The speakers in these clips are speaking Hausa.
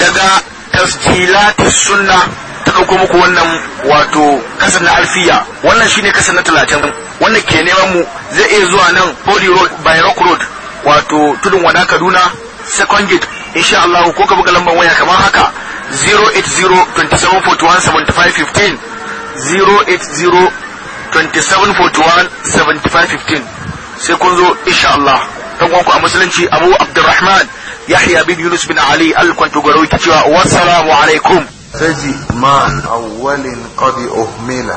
daga tafjilatus sunna ta ɗauko muku wannan wato kasar na alfiya wannan shine kasar na talatin wannan ke neman mu zai iya zuwa nan Poli Road by Rock Road wato tudun wada Kaduna second gate insha Allah ko ka buga lambar waya kamar haka 08027417515 08027417515 sai kun zo insha Allah ɗan a musulunci Abu Abdulrahman يحيى بن يونس بن علي الكنت غروي كتوا والسلام عليكم تجي مع أول قد أهملة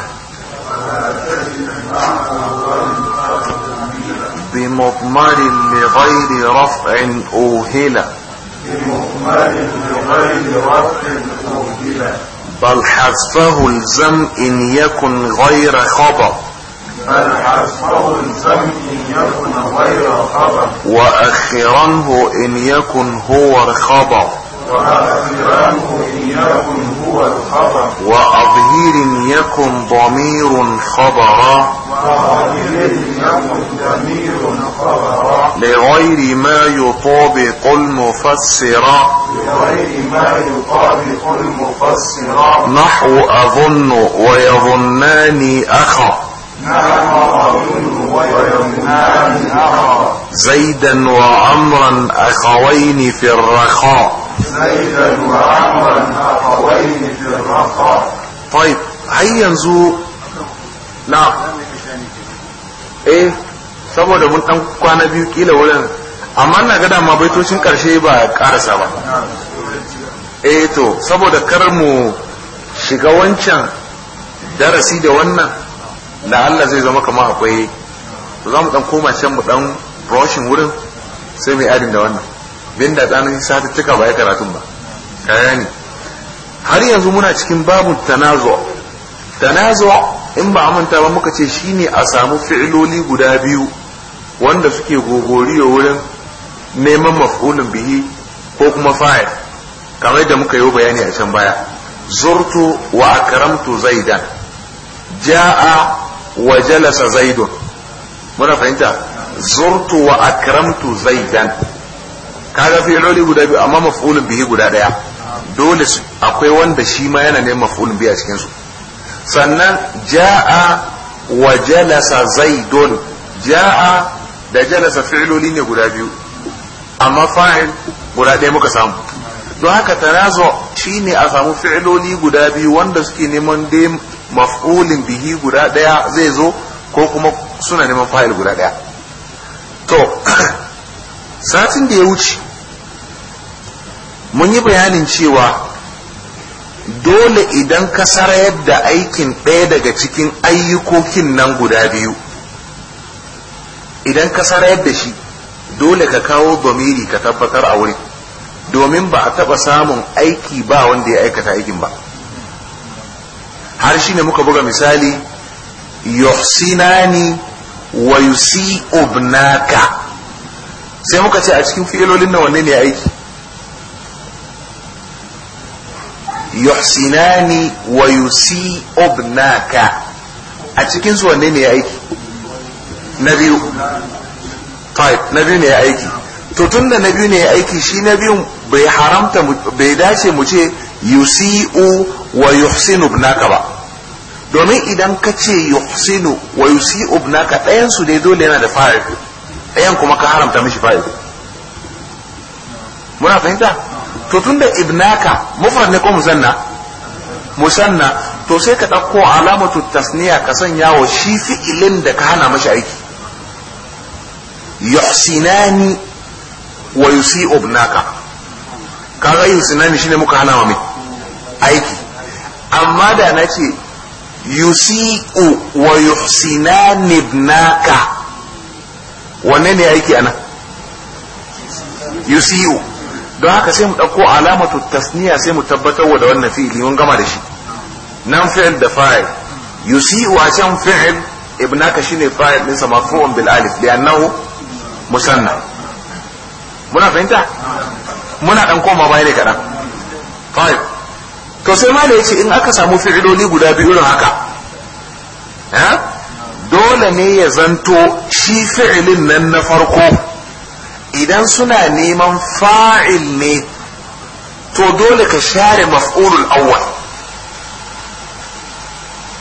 بمضمر لغير رفع أهلة بمضمر لغير رفع أهلة بل حذفه الزم إن يكن غير خبر بل إن يكن غير وأخرنه إن يكن هو الخبر وأخرنه إن يكن هو الخبر وأظهير يكن ضمير خبرا يكن ضمير خبرا لغير ما يطابق المفسر لغير ما يطابق المفسر نحو أظن ويظنان أخا زيدا وعمرا اخوين في الرخاء زيدا وعمرا اخوين في الرخاء طيب هيا نزور نعم ايه saboda mun dan kwana biyu kila wurin amma na gada ma baitocin karshe ba karasa ba eh to saboda kar mu shiga wancan darasi da wannan da Allah zai zama kama akwai za mu dan koma can mu dan brushing wurin sai mai adin da wannan bin da tsanin satuttuka ba ya karatun ba kayani ne har yanzu muna cikin babu tanazo tanazo in ba amanta ba muka ce shine a samu fi'iloli guda biyu wanda suke gogoriyo wurin neman maf'ulun bihi ko kuma fa'il kamar da muka yi bayani a can baya zurtu wa akramtu zaidan ja'a wa jalasa zaidun muna fahimta zurtu wa akramtu zaidan kaga fi'iloli guda biyu amma maf'ulun bihi guda daya dole akwai wanda shi ma yana neman maf'ulun bihi a cikin su sannan ja'a wa jalasa zaidun ja'a da jalasa fi'iloli ne guda biyu amma fa'il guda daya muka samu don haka tanazo shine a samu fi'iloli guda biyu wanda suke neman maf'ulin bihi guda daya zai zo ko kuma suna neman fa'il guda daya to satin da ya wuce mun yi bayanin cewa dole idan ka sarayar da aikin ɗaya daga cikin ayyukokin nan guda biyu idan ka sarayar da shi dole ka kawo domini ka tabbatar a wuri domin ba a taɓa samun aiki ba wanda ya aikata aikin ba har ne muka buga misali yuhsinani wa yusi'ubnaka sai muka ce a cikin fi'ilolin na wanne ne aiki yuhsinani wa yusi'ubnaka a cikin su wanne ne aiki na biyu na biyu ne aiki to da na biyu ne aiki shi na biyun bai haramta bai dace mu ce yusi'u wa yuhsinu ibnaka ba domin idan ka ce yuhsinu wa yusi ibnaka ɗayan su dai dole yana da fa'idu ɗayan kuma ka haramta mishi fa'idu muna fahimta to tunda ibnaka mufrad ne ko musanna musanna to sai ka ɗauko alamatu tasniya ka sanya wa shi fi'ilin da ka hana mashi aiki yuhsinani wa yusi ibnaka kaga yusinani shine muka hana wa mai aiki amma da na ce yusiku wa yusina nibnaka wanne ne aiki ana yusiku don haka sai mu ɗauko alamatu tasniya sai mu tabbatar da wannan fi'ili mun gama da shi nan fi'il da fa'il yusiku a can fi'il ibnaka shine fa'il ɗinsa marfu'un bil alif li'annahu musanna muna fahimta muna dan koma baya ne kaɗan fa'il to sai mala yace in aka samu fi'iloli guda biyu irin haka dole ne ya zanto shi fi'ilin nan na farko idan suna neman fa'il ne to dole ka share maf'ulul awwal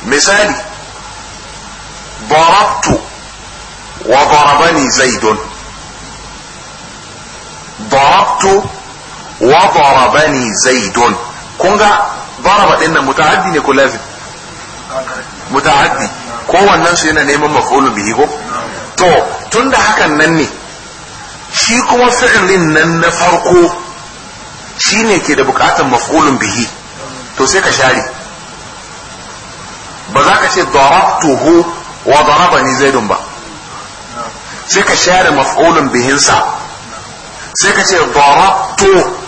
misali barabtu wa barabani zaidun barabtu wa barabani zaidun kun ga baraba din nan muta'addi ne ko lazim muta'addi ko wannan su yana neman maf'ulu bihi ko to tunda hakan nan ne shi kuma fi'lin nan na farko shine ke da bukatan maf'ulun bihi to sai ka share ba za ka ce darabtuhu wa darabani zaidun ba sai ka share maf'ulun bihinsa sai ka ce darabtu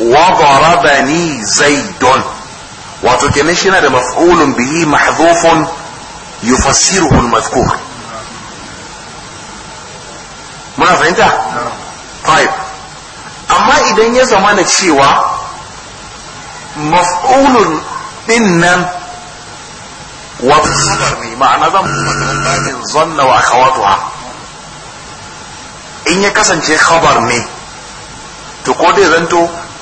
وضربني زيد wato kenan shi na da maf'ulun bihi mahdhufun yufassiruhu al-madhkur muna fahimta طيب amma idan ya zama na cewa maf'ulun din nan wato khabar ne ma'ana zan mutum zanna wa akhawatuha in ya kasance khabar ne to ko dai zanto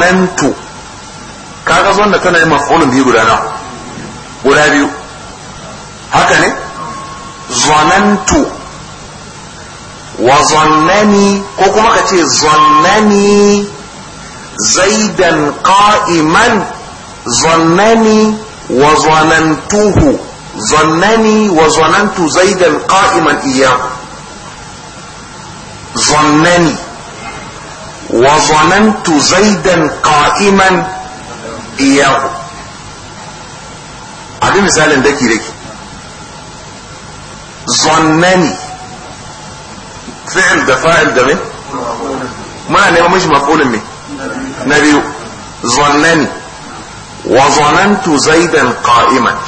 zanantu kaga zon da tana yi mafulun biyu guda nawa guda biyu haka ne zonantu wa ko kuma ka ce zannani zaidan qa'iman zannani wa zonani zannani wa zanantu zaidan qa'iman iya zannani وظننت زيدا قائما إياه abin misalin daki daki zonnani fi'il da fa'il da muna neman mashi mafulin ne na biyu zonnani wa zonantu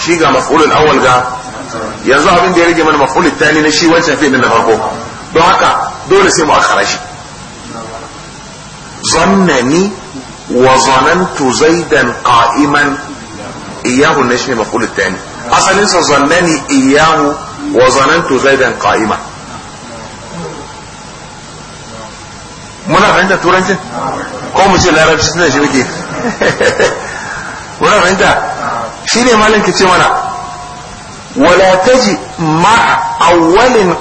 shi ga mafulin awal yanzu abin da ya rage mana mafulin tani na shi wancan fi'il na farko dole sai mu akhara shi zannani wa zanantu zaidan iyahu ne shine maqul tani asalin sa iyahu wa zanantu zaidan qa'iman muna fahimta turanci ko mu ce larabci suna shi muke muna fahimta shi ne malin ce mana wala taji ma awwalin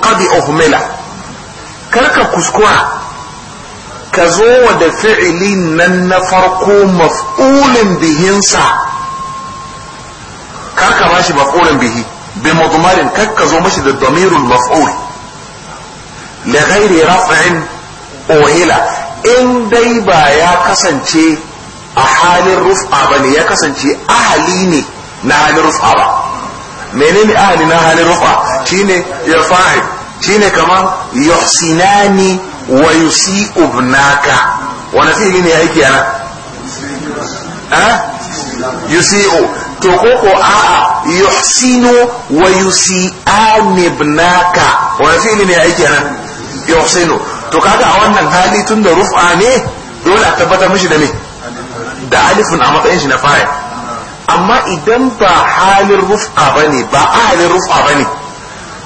karka kuskura ka zo da fi'ilin nan na farko maf'ulin bihinsa kar ka bashi maf'ulin bihi bi mudmarin kar ka zo mashi da damirul maf'ul li ghairi raf'in uhila in dai ba ya kasance a halin rufa ne ya kasance ahali ne na halin rufa ba menene ahali na halin rufa shine yarfa'il shine kamar yuhsinani wa yusi wana wani fi'ili ne aiki yana ha u. to koko a'a yusinu wa yusi'an ibnaka wani fi'ili ne aiki yana yusinu to kaga a wannan hali tun da rufa ne dole a tabbatar mishi da ne da alifin a matsayin shi na fa'il amma idan ba halin rufa bane ba halin rufa bane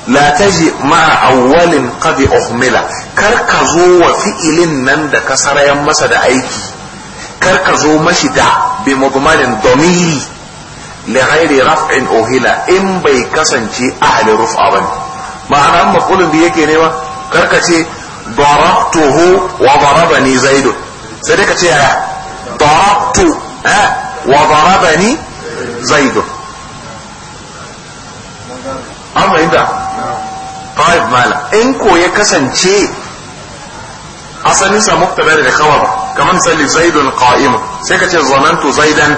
la taji ma'a awwalin qad uhmila kar ka zo wa fi'ilin nan da ka sarayan masa da aiki karka zo mashi da bi mudmanin domiri li ghairi raf'in ohila in bai kasance ahli rufa ba ma'ana amma kullun da yake nema kar ka ce darabtuhu wa darabani zaidun sai dai ka ce darabtu wa darabani zaidun an fahimta in ko ya kasance asalin sa muktada da khabar kamar misali zaidun qa'im sai ka ce zanantu zaidan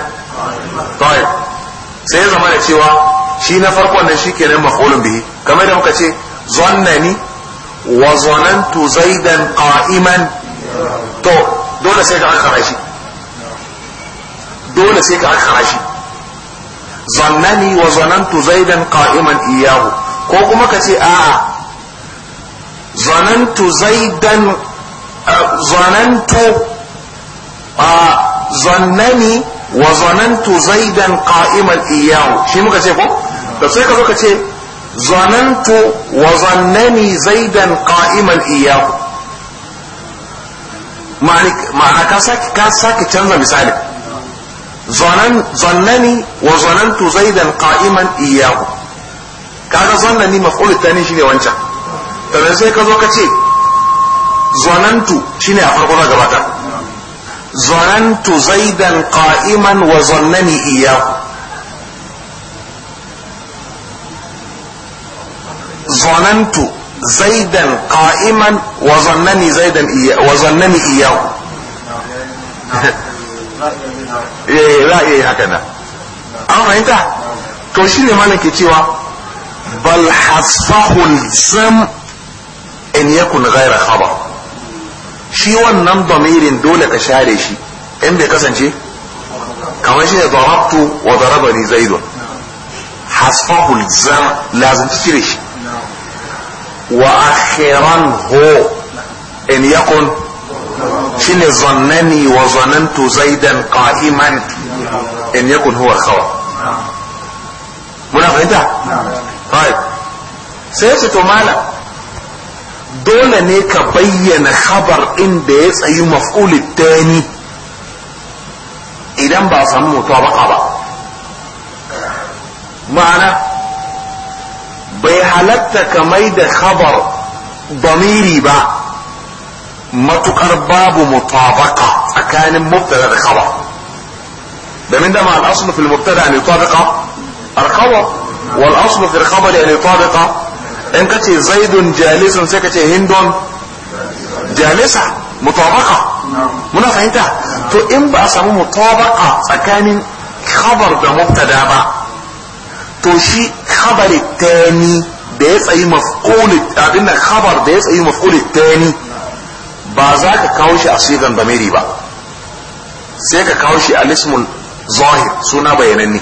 tayyib sai zama da cewa shi na farkon nan shikenan maf'ulun bihi kamar da muka ce zannani wa zanantu zaidan qa'iman dole sai ka akhara shi dole wa ko kuma ka ce a'a zanantu zaidan zanantu zannani wa zanantu zaidan qa'imal iyahu shi muka ce ko da sai ka zo ka ce zanantu wa zannani zaidan qa'imal iyahu ma'ana ka sake canza misali zannani wa zanantu zaidan qa'iman iyahu kaga zannani tani shine wancan daga sai ka zo ka ce zonantu shine a farko na gabata zonantu zaidan qa'iman wa zannani iyahu zonantu zaidan qa'iman wa zannani zaidan iyahu wa zannani iyahu eh za iya haka na an fahimta to shine malam ke cewa bal hasahu zam in yakun ghaira khabar shi wannan damirin dole ka share shi in bai kasance kamar shi ne darabtu wa darabani zaidun hasfahu za lazim cire shi wa akhiran ho in yakun shi ne zannani wa zanantu zaidan qa'iman in yakun huwa khabar muna fahimta? Right. sai su to malam dole ne ka bayyana khabar ɗin da ya tsayi maf'ulin tani idan ba samu mutuwa baka ba ma'ana bai halatta ka mai da khabar damiri ba matukar babu mutabaka tsakanin mubtada da khabar domin da ma al'asul fil mubtada an yutabaqa al-khabar wal asl fi al-khabar an yutabaqa in ka ce zaidun jalisun sai ka ce hindun jalisa mutabaka muna fahimta to in ba a samu mutabaka tsakanin khabar da mubtada ba to shi khabari tani da ya tsayi maf'ul abin da khabar da ya tsayi maf'ul tani ba za ka kawo shi a sigan damiri ba sai ka kawo shi a lismul zahir suna bayananne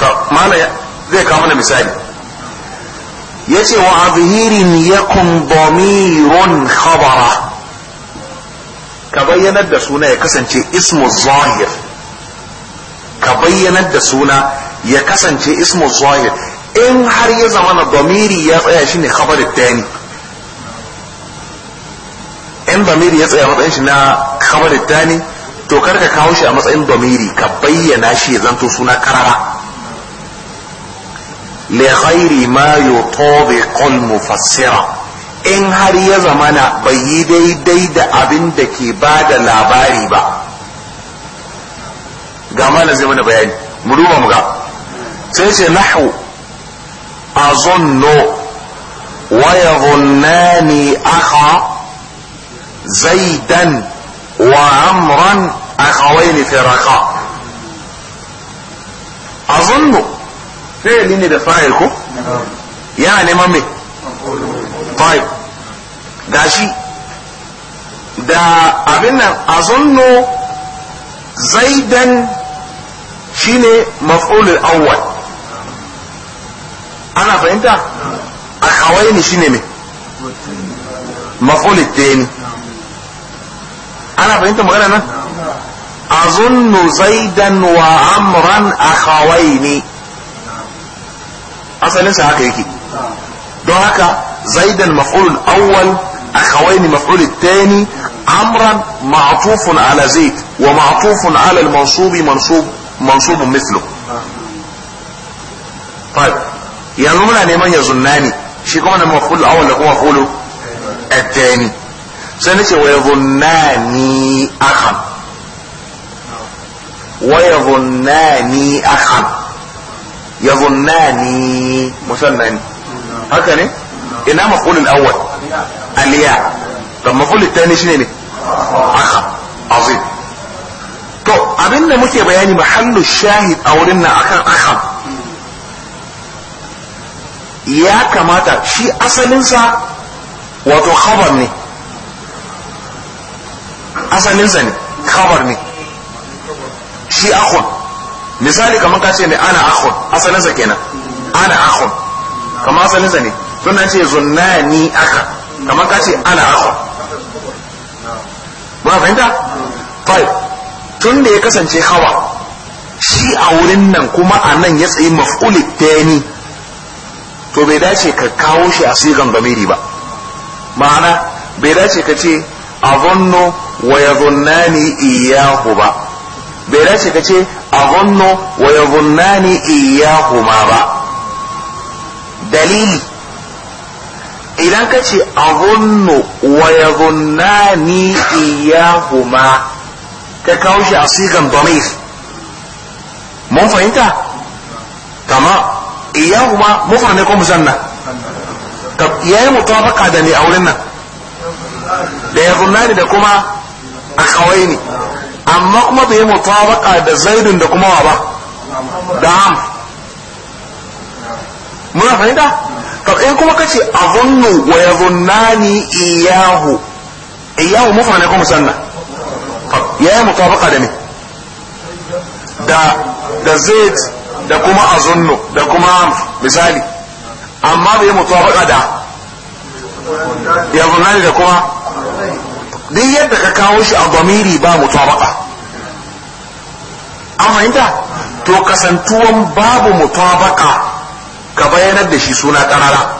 ta mana zai kawo mana misali yace wa abhirin yakun damirun khabara ka bayyanar da suna ya kasance ismu zahir ka bayyanar da suna ya kasance ismu zahir in har ya zama na domiri ya tsaya shi ne khabarin dani in domiri ya tsaya matsayin shi na khabarin dani to karka kawo shi a matsayin domiri ka bayyana shi ya zanto suna karara لغير ما يطابق المفسرة إن هر يزمنا بيدي ديد أبندك بعد لاباري با جمع زمانا بيان مروبا مغا سيسي نحو أظن ويظنان أخا زيدا وعمرا أخوين فرقا أظن أظن fi'ili ne da fa'il ko yana neman me fa'il gashi da abin nan a zanno zaidan shine maf'ulul awwal ana fahimta a kawai ne shine me maf'ulul tani ana fahimta magana nan azunnu zaidan wa amran akhawaini asalinsa haka yake don haka zaidan maf'ulul awwal akhawain maf'ul tani amran ma'tufun ala zaid wa ma'tufun ala al-mansub mansub mansub mithlu طيب yanzu muna neman ya zunnani shi kuma na maf'ul awwal da kuma maf'ul الثاني sai nace wa yazunnani akhan wa yazunnani akhan يظناني مثنى هكذا ني انا مفعول الاول الياء طب مفعول الثاني شنو ني اخ عظيم طب ابن مشي بياني محل الشاهد او لنا اكن اخ يا كما شي اصلن سا وذو خبر ني اصلن سا خبر ني شي misali kamar ka ce ne ana akhun asalinsa kenan ana akhun kamar asalinsa ne tunda ce zunnani aka kamar ka ce ana akhun ba fahimta fai tun da ya kasance hawa shi a wurin nan kuma a nan ya tsayi maf'uli tani to bai dace ka kawo shi a sigan gamiri ba ma'ana bai dace ka ce a zonno wa ya zunnani iyahu ba bai dace ka ce a zanno wa ya ni iyahuma ba dalili idan ka ce a zanno wa ya iya iyahuma ka kawo shi a sigan domir mun fahimta kama iyahuma mufa ne ko musanna ya yi mutuwa da ne a wurin nan da ya ni da kuma a kawai ne amma kuma bai mutabaka da zaidun da kuma wa ba da am muna fahimta in kuma kace azunnu wa yazunnani iyahu iyahu mufrad kuma ko to ya yi mutabaka da ni? da da zaid da kuma azunnu da kuma am misali amma bai mutabaka da yazunnani da kuma duk yadda ka kawo shi a gwamiri ba mutuwa an fahimta to kasantuwan babu mutabaka ka bayanar da shi suna ƙarara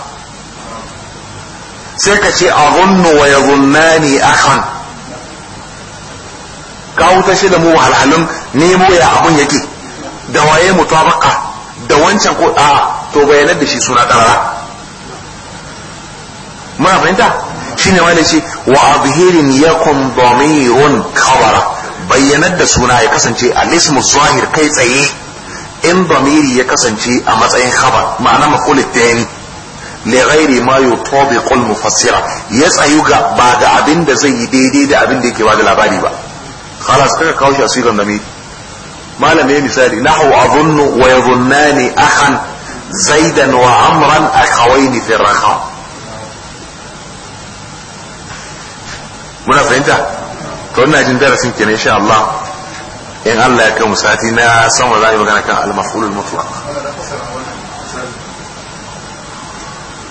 sai ka ce a runnu wa ya zunnani akhan ka wuta shi da mu wahalhalun nemo ya abun yake da waye mutabaka da wancan ko a to bayanar da shi suna ƙarara muna fahimta shine wani ce wa abhirin yakun damirun khabara bayyanar da suna ya kasance al zahir kai tsaye in damiri ya kasance a matsayin khabar ma'ana maf'ul tani li ghairi ma yutabiqu al-mufassira ya tsayu ga ba da abin da zai yi daidai da abin da yake ba da labari ba khalas kaga kawo shi asiran damiri malame misali nahu azunnu wa yadhunnani akhan zaidan wa amran akhawaini fi rakha muna fahimta to ina jin darasin kenan insha Allah in Allah ya kai sati na sama za mu magana kan al mutuwa. mutlaq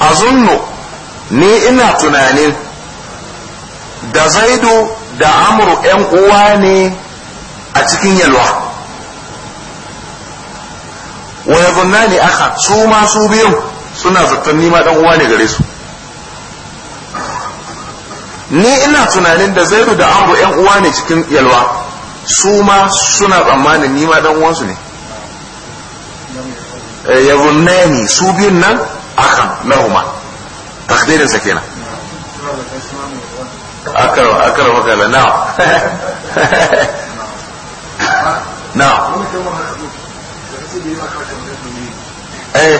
azunnu ni ina tunanin da zaidu da amru yan uwa ne a cikin yalwa wa yadhunnani akha su ma su biyu suna zaton nima dan uwa ne gare su ni ina tunanin da zairu da amru yan uwa ne cikin yalwa su ma suna tsammanin ni ma dan uwansu ne eh, ya ne su biyun nan na huma takdirin sa kenan akar akar wakala na na eh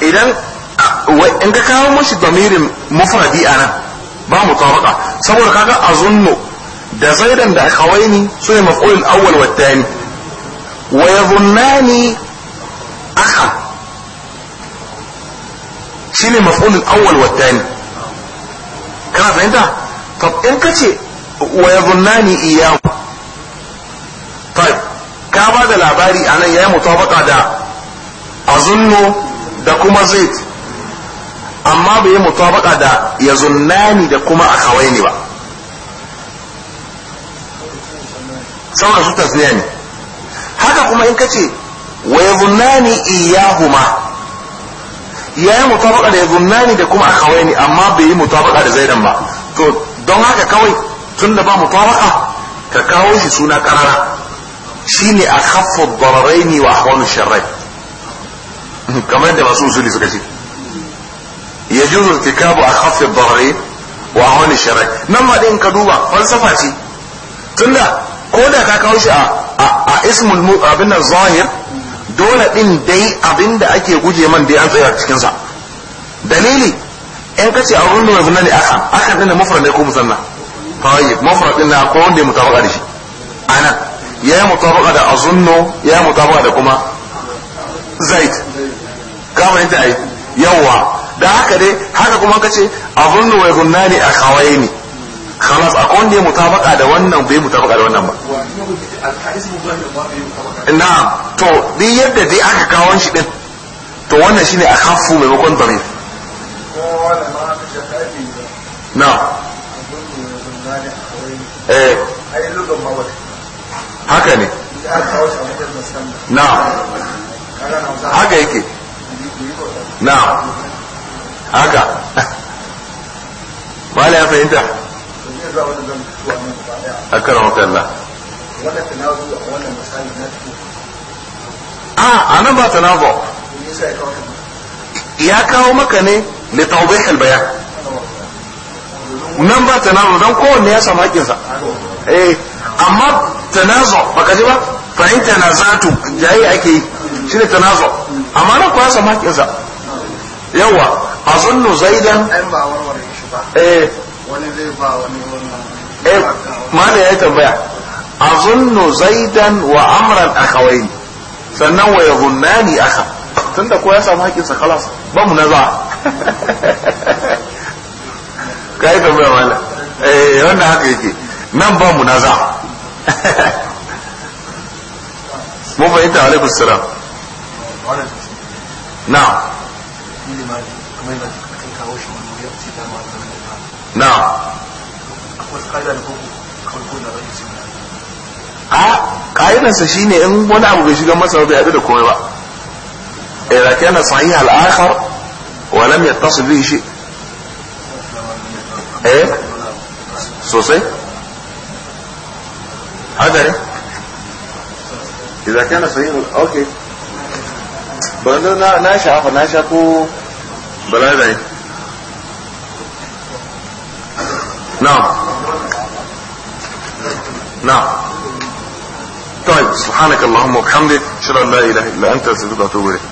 idan in ka kawo mushi damirin mufradi a nan ba mu tawaka saboda kaga a azunnu da zaidan da akawaini su ne maf'ulul awwal wa thani wa yadhunnani shi ne mafoyin awwal wa thani kana fahimta to in ka ce wa yadhunnani iyyahu tab ka ba da labari anan yi mutawaka da azunnu da kuma zaid amma bai yi mutabaka da ya zunnani da kuma a kawai ne ba sauran su tasniya ne haka kuma in ka ce wa ya zunnani iyahuma ya yi mutabaka da ya zunnani da kuma a kawai ne amma bai yi mutabaka da zaidan ba to don haka kawai tun da ba mutabaka ka kawo shi suna karara shine a khaffu dararaini wa ahwanu sharrai kamar da masu usuli suka ce ya juzu irtikabu a khaffin barri wa wani sharai nan ma in ka duba falsafa ce tunda ko da ka kawo shi a ismul abin nan zahir dole ɗin dai abin da ake guje man dai an tsaya cikin sa dalili in ce a wurin mai bunani aka aka din mufrad ne ko musanna tayyib mufrad ɗin na ko wanda ya mutabaka da shi ana ya yi mutabaka da azunno ya yi mutabaka da kuma zaid ka fahimta ai yawa da haka dai haka kuma ka ce abun wa gunnani a kawai ne khalas akwai wanda ya mutabaka da wannan bai mutabaka da wannan ba na'am to duk yadda dai aka kawo shi din to wannan shine a kafu makon dare na eh haka ne na haka yake na haka mala ya fahimta a karan kalla a nan ba ta nazo ya kawo maka ne da taubihil bayan nan ba ta nazo don kowanne ya samu hakinsa eh amma tanazo baka ji ba fahimta na zatu jayi ake yi shi ne tanazo amma nan kuwa samu hakinsa yawa a zunnu zaidan eh zai ba wani wannan eh, ma da ya tambaya a zunnu zaidan wa amran akawai sannan wa ya zunnani aka tunda ko ya samu haƙƙinsa kalas ba mu na za ka yi tambaya ma eh wannan haka yake nan ba mu na za mun fahimta alaikus salam Na. نعم a ka'idarsa shine in wani abu bai shiga masa bai abi da komai ba idza kana sahih al-akhar wa lam yattasil bihi shi eh sosai haka ne idza kana sahih okay ba na na shafa na sha ko بلاء ده نعم نعم طيب سبحانك اللهم وبحمدك اشهد ان لا اله الا انت استغفرك واتوب اليك